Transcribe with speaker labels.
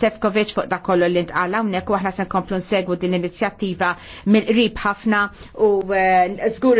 Speaker 1: Sefkovic fuq da kollu li ntqala hawnhekk u aħna se nkomplu nsegwu din l-inizjattiva mill-qrib ħafna u żgur eh,